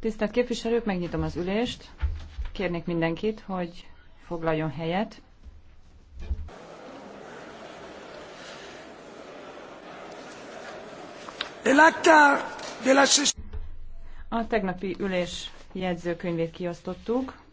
Tisztelt képviselők, megnyitom az ülést. Kérnék mindenkit, hogy foglaljon helyet. A tegnapi ülés jegyzőkönyvét kiosztottuk.